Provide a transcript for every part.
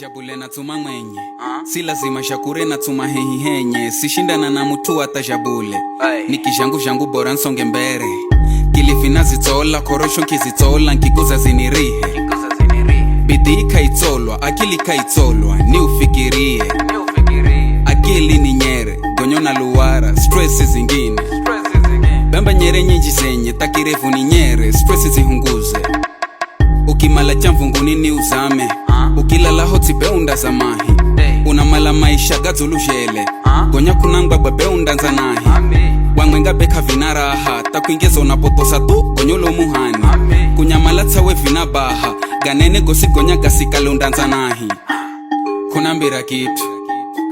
shabule na tuma mwenye si lazima shakure na tuma hehi henye sishindana na mutu hata shabule nikishangu shangu bora nsonge mbere kilifina zitola korosho nkizitola nkikuza zinirihe bidii kaitolwa akili kaitsolwa ni ufikirie akili ni nyere gonyo na luwara stresi zingine bamba nyere nyinji zenye takirefu ni nyere stresi zihunguze ukimala chamvunguni ni uzame ukilala tsibe mahi unamala maisha bwe beunda bwebe undanzanahi wang'wenga beka vina raha takuingezo napotosa tu gonyolo muhani kunyamala tsawe vina baha ganene gosigonya gasikala undanzanahi kunambira kitu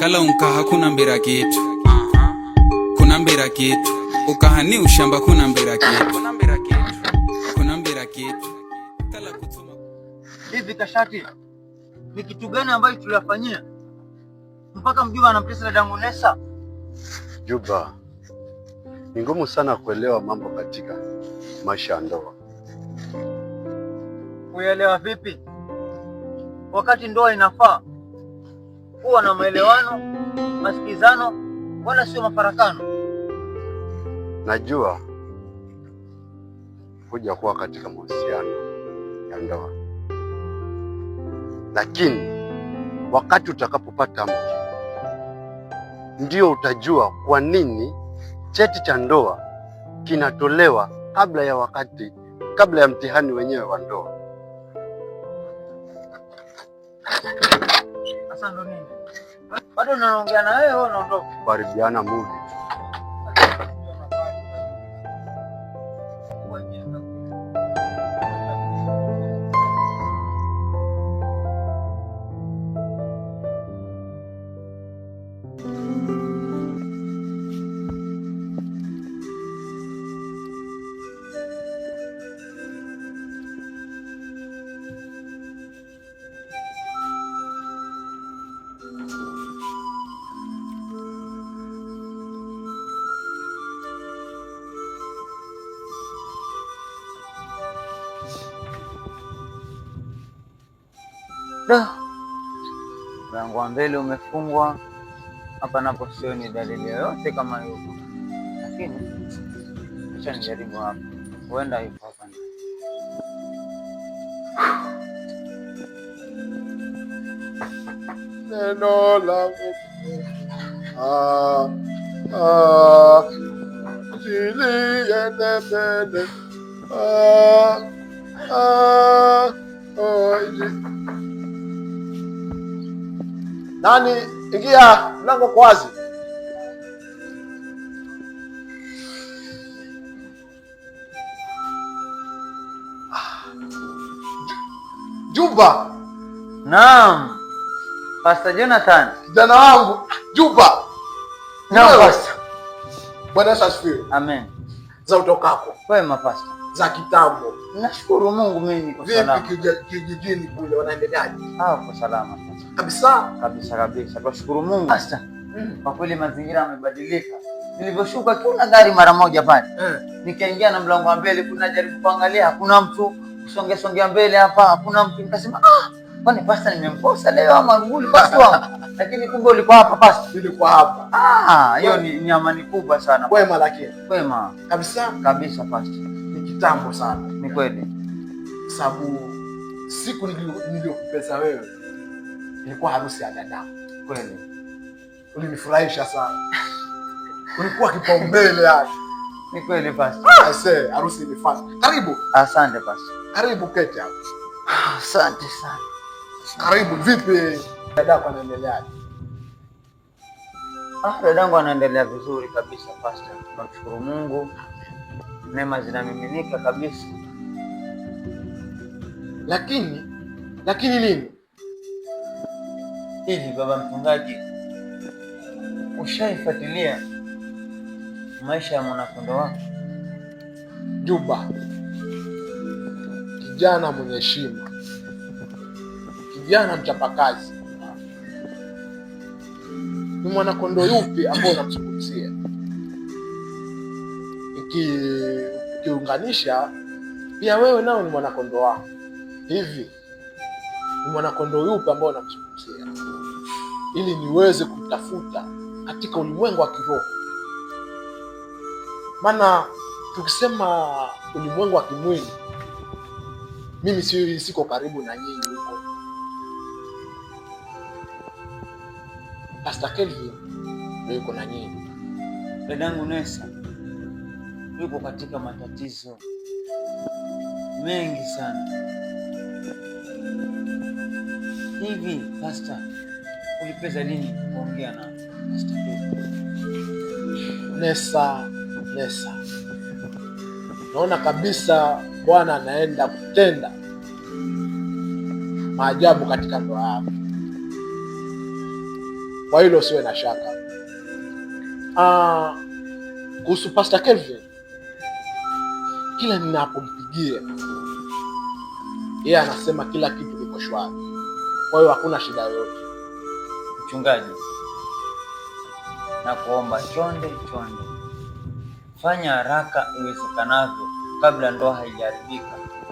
kala unkaha kunambira kitu kunambira kitu ukaha ni ushamba kunambira kitu kunambira kitu kala kutuma hivi kashati ni kitu gani ambacho tuliyafanyia mpaka mjuba anamtesa dadangu Nesa? Juba, ni ngumu sana kuelewa mambo katika maisha ya ndoa. Kuelewa vipi wakati ndoa inafaa kuwa na maelewano, masikizano, wala sio mafarakano. Najua kuja kuwa katika mahusiano ya ndoa lakini wakati utakapopata mke ndio utajua kwa nini cheti cha ndoa kinatolewa kabla ya wakati, kabla ya mtihani wenyewe wa ndoa. Karibiana mudi Mlango wa mbele umefungwa hapa, napo sioni dalili yoyote kama yuko, lakini acha nijaribu hapa, huenda yuko hapa. Neno la ah ah, mbele ah, ah. Oh, nani, ingia, mlango uko wazi. Juba. Naam. Pastor Jonathan. Kijana wangu Juba. Naam, Pastor. Bwana asifiwe. Amen. Za utokako. Wema, Pastor. Za kitambo. Nashukuru Mungu mimi kwa salama. Vipi kijijini kule wanaendeleaje? Ah, kwa salama sasa. kabisa kabisa kabisa, tunashukuru Mungu. Asante. Mm. kwa kweli mazingira yamebadilika. Nilivyoshuka kuna gari mara moja pale, eh. nikaingia na mlango wa mbele, kuna jaribu kuangalia, hakuna mtu, kusongea songe mbele hapa, hakuna mtu, nikasema ah, kwani pasta nimemposa leo ama nguli pasta wangu? Lakini kumbe ulikuwa hapa pasta. Nilikuwa hapa. Ah, hiyo ni amani kubwa sana. Kwema lakini. Kwema. Kabisa kabisa pasta kitambo sana. Ni kweli, sababu siku niliyokupesa wewe ilikuwa harusi ya dadamu. Kweli ulinifurahisha sana, ulikuwa kipaumbele yani. Ni kweli basi, ah! aise, harusi ni fast. Karibu. Asante basi, karibu kete hapo. Ah, asante sana. Karibu. Vipi Dada dadako anaendeleaje? Ah, dadangu anaendelea vizuri kabisa, pastor. Tunashukuru Mungu neema zinamiminika kabisa. Lakini lakini nini hivi, baba mchungaji, ushaifuatilia maisha ya mwanakondo wako Juba? Kijana mwenye heshima, kijana mchapakazi. Ni mwanakondo yupi ambao unamzungumzia? ukiunganisha pia wewe nao ni mwanakondoo wako. Hivi ni mwanakondoo yupi ambao unamzungumzia, ili niweze kumtafuta katika ulimwengu wa kiroho? Maana tukisema ulimwengu wa kimwili, mimi si siko karibu na nyinyi huko. Pastor Kelvin yuko na nyinyi, dadangu Nesa yuko katika matatizo mengi sana. Hivi pasta, ulipeza nini kuongea na pasta? Nesa, Nesa, naona kabisa Bwana anaenda kutenda maajabu katika ndoa yako, kwa hilo usiwe na shaka. Ah, kuhusu Pastor Kelvin kila ninapompigia yeye anasema kila kitu kiko shwari, kwa hiyo hakuna shida yoyote. Mchungaji, nakuomba chonde chonde, fanya haraka iwezekanavyo kabla ndoa haijaribika.